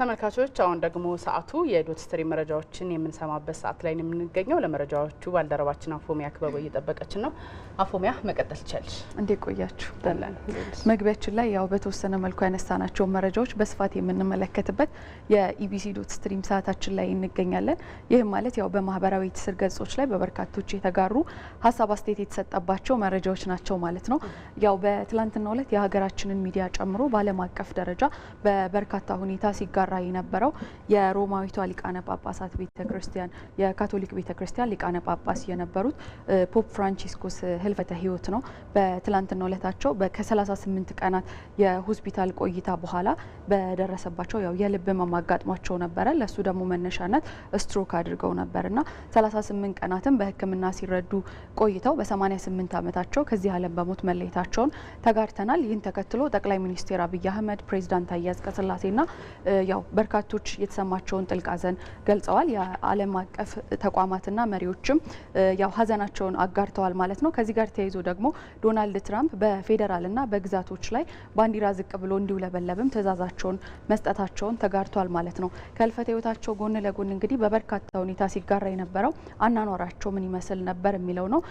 ተመልካቾች አሁን ደግሞ ሰዓቱ የዶት ስትሪም መረጃዎችን የምንሰማበት ሰዓት ላይ ነው የምንገኘው። ለመረጃዎቹ ባልደረባችን አፎሚያ ክበበ እየጠበቀችን ነው። አፎሚያ መቀጠል ይቻልሽ። እንዴት ቆያችሁ? መግቢያችን ላይ ያው በተወሰነ መልኩ ያነሳናቸውን መረጃዎች በስፋት የምንመለከትበት የኢቢሲ ዶት ስትሪም ሰዓታችን ላይ እንገኛለን። ይህም ማለት ያው በማህበራዊ ትስስር ገጾች ላይ በበርካቶች የተጋሩ ሀሳብ አስተያየት የተሰጠባቸው መረጃዎች ናቸው ማለት ነው። ያው በትላንትናው ዕለት የሀገራችንን ሚዲያ ጨምሮ በዓለም አቀፍ ደረጃ በበርካታ ሁኔታ ሲጋ ሲሰራ የነበረው የሮማዊቷ ሊቃነ ጳጳሳት ቤተ ክርስቲያን የካቶሊክ ቤተ ክርስቲያን ሊቃነ ጳጳስ የነበሩት ፖፕ ፍራንቺስኮስ ህልፈተ ህይወት ነው። በትላንትናው ውለታቸው ከ38 ቀናት የሆስፒታል ቆይታ በኋላ በደረሰባቸው ያው የልብ ህመም አጋጥሟቸው ነበረ። ለእሱ ደግሞ መነሻነት ስትሮክ አድርገው ነበርና 38 ቀናትም በህክምና ሲረዱ ቆይተው በ88 ዓመታቸው ከዚህ ዓለም በሞት መለየታቸውን ተጋድተናል። ይህን ተከትሎ ጠቅላይ ሚኒስትር አብይ አህመድ ፕሬዚዳንት አያዝ ያው ያው በርካቶች የተሰማቸውን ጥልቅ ሐዘን ገልጸዋል። የዓለም አቀፍ ተቋማትና መሪዎችም ያው ሐዘናቸውን አጋርተዋል ማለት ነው። ከዚህ ጋር ተያይዞ ደግሞ ዶናልድ ትራምፕ በፌዴራልና በግዛቶች ላይ ባንዲራ ዝቅ ብሎ እንዲውለበለብም ትዕዛዛቸውን መስጠታቸውን ተጋርቷል ማለት ነው። ከህልፈተ ህይወታቸው ጎን ለጎን እንግዲህ በበርካታ ሁኔታ ሲጋራ የነበረው አናኗራቸው ምን ይመስል ነበር የሚለው ነው።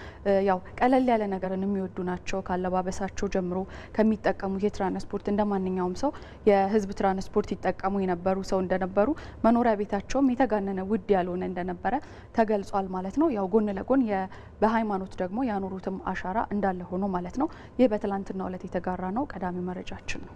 ያው ቀለል ያለ ነገርን የሚወዱ ናቸው። ካለባበሳቸው ጀምሮ ከሚጠቀሙት የትራንስፖርት እንደ ማንኛውም ሰው የህዝብ ትራንስፖርት ይጠቀሙ ነበር የነበሩ ሰው እንደነበሩ መኖሪያ ቤታቸውም የተጋነነ ውድ ያልሆነ እንደነበረ ተገልጿል ማለት ነው። ያው ጎን ለጎን በሃይማኖት ደግሞ ያኖሩትም አሻራ እንዳለ ሆኖ ማለት ነው። ይህ በትላንትናው ዕለት የተጋራ ነው። ቀዳሚ መረጃችን ነው።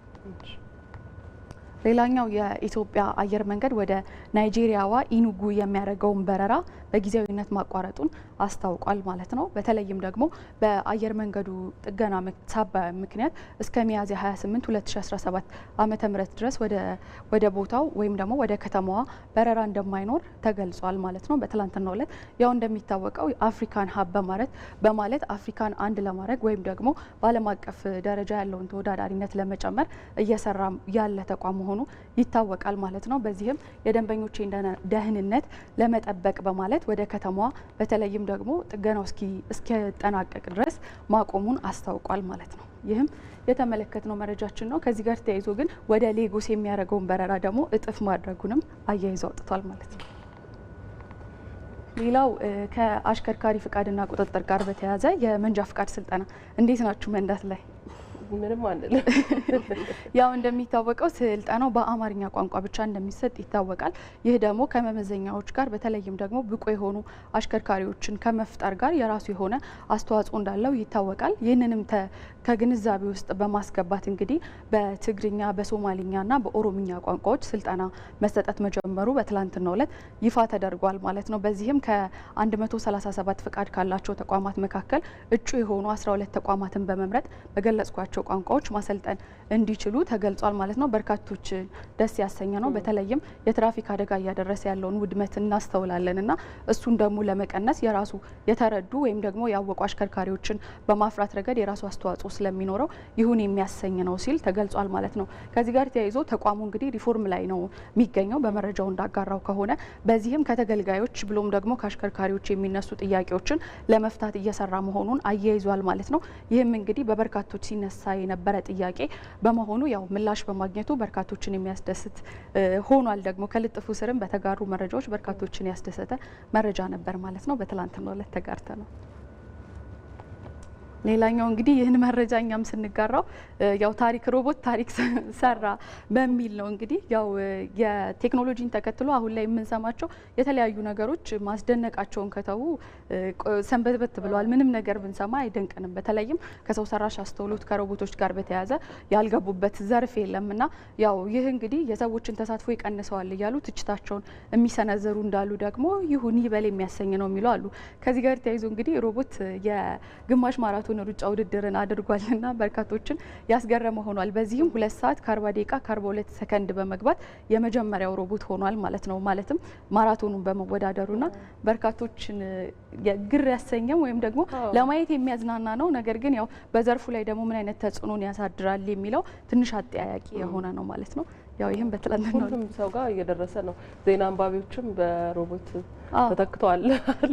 ሌላኛው የኢትዮጵያ አየር መንገድ ወደ ናይጄሪያዋ ኢኑጉ የሚያደርገውን በረራ በጊዜያዊነት ማቋረጡን አስታውቋል ማለት ነው። በተለይም ደግሞ በአየር መንገዱ ጥገና ሳቢያ ምክንያት እስከ ሚያዝያ 28 2017 ዓ ም ድረስ ወደ ቦታው ወይም ደግሞ ወደ ከተማዋ በረራ እንደማይኖር ተገልጿል ማለት ነው። በትላንትናው ዕለት ያው እንደሚታወቀው አፍሪካን ሀብ በማለት በማለት አፍሪካን አንድ ለማድረግ ወይም ደግሞ በዓለም አቀፍ ደረጃ ያለውን ተወዳዳሪነት ለመጨመር እየሰራ ያለ ተቋም መሆኑ መሆኑ ይታወቃል ማለት ነው። በዚህም የደንበኞችን ደህንነት ለመጠበቅ በማለት ወደ ከተማዋ በተለይም ደግሞ ጥገናው እስኪጠናቀቅ ድረስ ማቆሙን አስታውቋል ማለት ነው። ይህም የተመለከትነው መረጃችን ነው። ከዚህ ጋር ተያይዞ ግን ወደ ሌጎስ የሚያደርገውን በረራ ደግሞ እጥፍ ማድረጉንም አያይዞ አውጥቷል ማለት ነው። ሌላው ከአሽከርካሪ ፍቃድና ቁጥጥር ጋር በተያያዘ የመንጃ ፍቃድ ስልጠና እንዴት ናችሁ መንዳት ላይ ምንም አንልም። ያው እንደሚታወቀው ስልጠናው በአማርኛ ቋንቋ ብቻ እንደሚሰጥ ይታወቃል። ይህ ደግሞ ከመመዘኛዎች ጋር በተለይም ደግሞ ብቁ የሆኑ አሽከርካሪዎችን ከመፍጠር ጋር የራሱ የሆነ አስተዋጽኦ እንዳለው ይታወቃል። ይህንንም ከግንዛቤ ውስጥ በማስገባት እንግዲህ በትግርኛ በሶማሊኛና በኦሮምኛ ቋንቋዎች ስልጠና መሰጠት መጀመሩ በትላንትናው ዕለት ይፋ ተደርጓል ማለት ነው። በዚህም ከ137 ፈቃድ ካላቸው ተቋማት መካከል እጩ የሆኑ 12 ተቋማትን በመምረጥ በገለጽኳቸው ቋንቋዎች ማሰልጠን እንዲችሉ ተገልጿል ማለት ነው። በርካቶች ደስ ያሰኘ ነው። በተለይም የትራፊክ አደጋ እያደረሰ ያለውን ውድመት እናስተውላለን እና እሱን ደግሞ ለመቀነስ የራሱ የተረዱ ወይም ደግሞ ያወቁ አሽከርካሪዎችን በማፍራት ረገድ የራሱ አስተዋጽኦ ስለሚኖረው ይሁን የሚያሰኝ ነው ሲል ተገልጿል ማለት ነው። ከዚህ ጋር ተያይዞ ተቋሙ እንግዲህ ሪፎርም ላይ ነው የሚገኘው በመረጃው እንዳጋራው ከሆነ በዚህም ከተገልጋዮች ብሎም ደግሞ ከአሽከርካሪዎች የሚነሱ ጥያቄዎችን ለመፍታት እየሰራ መሆኑን አያይዟል ማለት ነው። ይህም እንግዲህ በበርካቶች ሲነሳ የነበረ ጥያቄ በመሆኑ ያው ምላሽ በማግኘቱ በርካቶችን የሚያስደስት ሆኗል። ደግሞ ከልጥፉ ስርም በተጋሩ መረጃዎች በርካቶችን ያስደሰተ መረጃ ነበር ማለት ነው። በትላንትናው ዕለት ተጋርተ ነው። ሌላኛው እንግዲህ ይህን መረጃ እኛም ስንጋራው ያው ታሪክ ሮቦት ታሪክ ሰራ በሚል ነው። እንግዲህ ያው የቴክኖሎጂን ተከትሎ አሁን ላይ የምንሰማቸው የተለያዩ ነገሮች ማስደነቃቸውን ከተዉ ሰንበትበት ብለዋል። ምንም ነገር ብንሰማ አይደንቅንም። በተለይም ከሰው ሰራሽ አስተውሎት ከሮቦቶች ጋር በተያያዘ ያልገቡበት ዘርፍ የለም እና ያው ይህ እንግዲህ የሰዎችን ተሳትፎ ይቀንሰዋል እያሉ ትችታቸውን የሚሰነዝሩ እንዳሉ ደግሞ ይሁን ይበል የሚያሰኝ ነው የሚሉ አሉ። ከዚህ ጋር ተያይዞ እንግዲህ ሮቦት የግማሽ ማራቶ የሴቶቹን ሩጫ ውድድርን አድርጓልና በርካቶችን ያስገረመ ሆኗል። በዚህም ሁለት ሰዓት ከአርባ ደቂቃ ከአርባ ሁለት ሰከንድ በመግባት የመጀመሪያው ሮቦት ሆኗል ማለት ነው። ማለትም ማራቶኑን በመወዳደሩና በርካቶችን ግር ያሰኘም ወይም ደግሞ ለማየት የሚያዝናና ነው። ነገር ግን ያው በዘርፉ ላይ ደግሞ ምን አይነት ተጽዕኖን ያሳድራል የሚለው ትንሽ አጠያያቂ የሆነ ነው ማለት ነው። ያው ይህም በትላንት ሁሉም ሰው ጋር እየደረሰ ነው። ዜና አንባቢዎችም በሮቦት ተተክተዋል።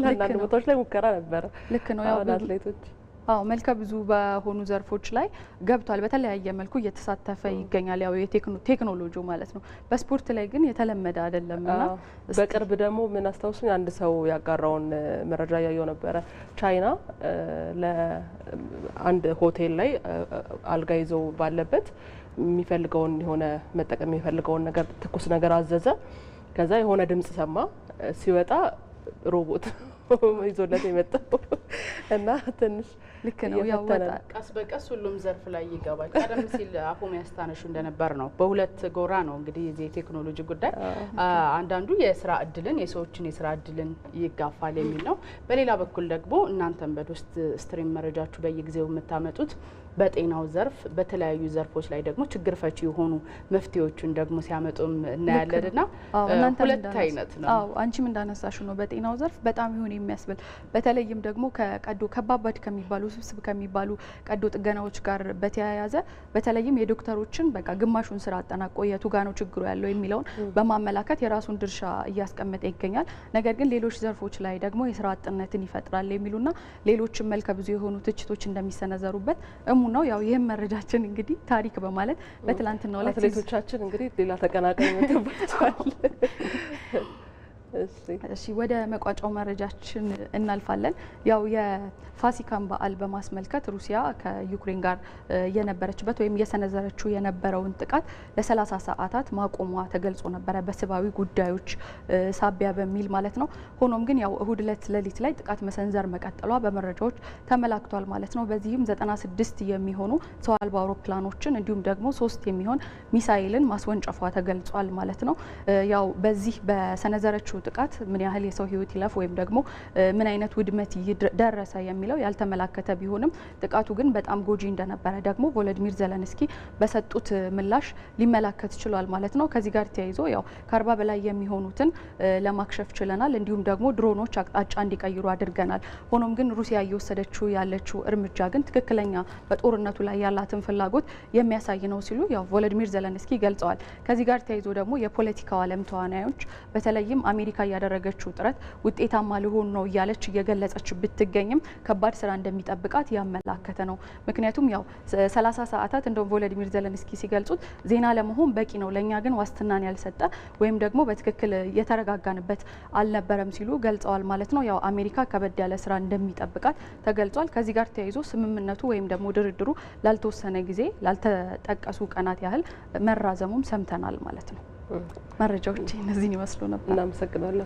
ለአንዳንድ ቦታዎች ላይ ሙከራ ነበረ። ልክ ነው ያው አትሌቶች አዎ መልከ ብዙ በሆኑ ዘርፎች ላይ ገብቷል። በተለያየ መልኩ እየተሳተፈ ይገኛል። ያው ቴክኖሎጂው ማለት ነው። በስፖርት ላይ ግን የተለመደ አይደለም እና በቅርብ ደግሞ ምን አስታውሱኝ አንድ ሰው ያጋራውን መረጃ ያየው ነበረ። ቻይና ለአንድ ሆቴል ላይ አልጋ ይዞ ባለበት የሚፈልገውን የሆነ መጠቀም የሚፈልገውን ነገር ትኩስ ነገር አዘዘ። ከዛ የሆነ ድምጽ ሰማ። ሲወጣ ሮቦት ይዞለት የመጣው እና ትንሽ ልክ ነው ያወጣል። ቀስ በቀስ ሁሉም ዘርፍ ላይ ይገባል። ቀደም ሲል አፎም ያስታነሹ እንደነበር ነው። በሁለት ጎራ ነው እንግዲህ የቴክኖሎጂ ጉዳይ፣ አንዳንዱ የስራ እድልን የሰዎችን የስራ እድልን ይጋፋል የሚል ነው። በሌላ በኩል ደግሞ እናንተም በዶስት ስትሪም መረጃችሁ በየጊዜው የምታመጡት በጤናው ዘርፍ በተለያዩ ዘርፎች ላይ ደግሞ ችግር ፈቺ የሆኑ መፍትሄዎችን ደግሞ ሲያመጡም እናያለን ና ሁለት አይነት ነው። አንቺም እንዳነሳሽ ነው። በጤናው ዘርፍ በጣም ይሁን የሚያስብል በተለይም ደግሞ ከቀዶ ከባባድ ከሚባሉ ስብስብ ከሚባሉ ቀዶ ጥገናዎች ጋር በተያያዘ በተለይም የዶክተሮችን በቃ ግማሹን ስራ አጠናቆ የቱጋ ነው ችግሩ ያለው የሚለውን በማመላከት የራሱን ድርሻ እያስቀመጠ ይገኛል። ነገር ግን ሌሎች ዘርፎች ላይ ደግሞ የስራ አጥነትን ይፈጥራል የሚሉና ሌሎችም መልከ ብዙ የሆኑ ትችቶች እንደሚሰነዘሩበት ሰሞኑ ነው ያው ይህም መረጃችን እንግዲህ ታሪክ በማለት በትላንትናው ዕለት አትሌቶቻችን እንግዲህ ሌላ ተቀናቃኝ ተባቷል። እሺ ወደ መቋጫው መረጃችን እናልፋለን። ያው የፋሲካን በዓል በማስመልከት ሩሲያ ከዩክሬን ጋር የነበረችበት ወይም የሰነዘረችው የነበረውን ጥቃት ለሰላሳ ሰዓታት ማቆሟ ተገልጾ ነበረ በሰብአዊ ጉዳዮች ሳቢያ በሚል ማለት ነው። ሆኖም ግን ያው እሁድ ዕለት ሌሊት ላይ ጥቃት መሰንዘር መቀጠሏ በመረጃዎች ተመላክቷል ማለት ነው። በዚህም 96 የሚሆኑ ሰው አልባ አውሮፕላኖችን እንዲሁም ደግሞ ሶስት የሚሆን ሚሳይልን ማስወንጨፏ ተገልጿል ማለት ነው። ያው በዚህ በሰነዘረችው ጥቃት ምን ያህል የሰው ህይወት ይለፍ ወይም ደግሞ ምን አይነት ውድመት ደረሰ የሚለው ያልተመላከተ ቢሆንም ጥቃቱ ግን በጣም ጎጂ እንደነበረ ደግሞ ቮሎዲሚር ዘለንስኪ በሰጡት ምላሽ ሊመላከት ችሏል ማለት ነው። ከዚህ ጋር ተያይዞ ያው ከአርባ በላይ የሚሆኑትን ለማክሸፍ ችለናል፣ እንዲሁም ደግሞ ድሮኖች አቅጣጫ እንዲቀይሩ አድርገናል። ሆኖም ግን ሩሲያ እየወሰደችው ያለችው እርምጃ ግን ትክክለኛ በጦርነቱ ላይ ያላትን ፍላጎት የሚያሳይ ነው ሲሉ ያው ቮሎዲሚር ዘለንስኪ ገልጸዋል። ከዚህ ጋር ተያይዞ ደግሞ የፖለቲካው ዓለም ተዋናዮች በተለይም አሜሪካ አሜሪካ ያደረገችው ጥረት ውጤታማ ሊሆን ነው እያለች እየገለጸች ብትገኝም ከባድ ስራ እንደሚጠብቃት ያመላከተ ነው። ምክንያቱም ያው ሰላሳ ሰዓታት እንደውም ቮሎዲሚር ዘለንስኪ ሲገልጹት ዜና ለመሆን በቂ ነው፣ ለእኛ ግን ዋስትናን ያልሰጠ ወይም ደግሞ በትክክል የተረጋጋንበት አልነበረም ሲሉ ገልጸዋል ማለት ነው። ያው አሜሪካ ከበድ ያለ ስራ እንደሚጠብቃት ተገልጿል። ከዚህ ጋር ተያይዞ ስምምነቱ ወይም ደግሞ ድርድሩ ላልተወሰነ ጊዜ ላልተጠቀሱ ቀናት ያህል መራዘሙም ሰምተናል ማለት ነው። መረጃዎች እነዚህን ይመስሉ ነበር። እናመሰግናለን።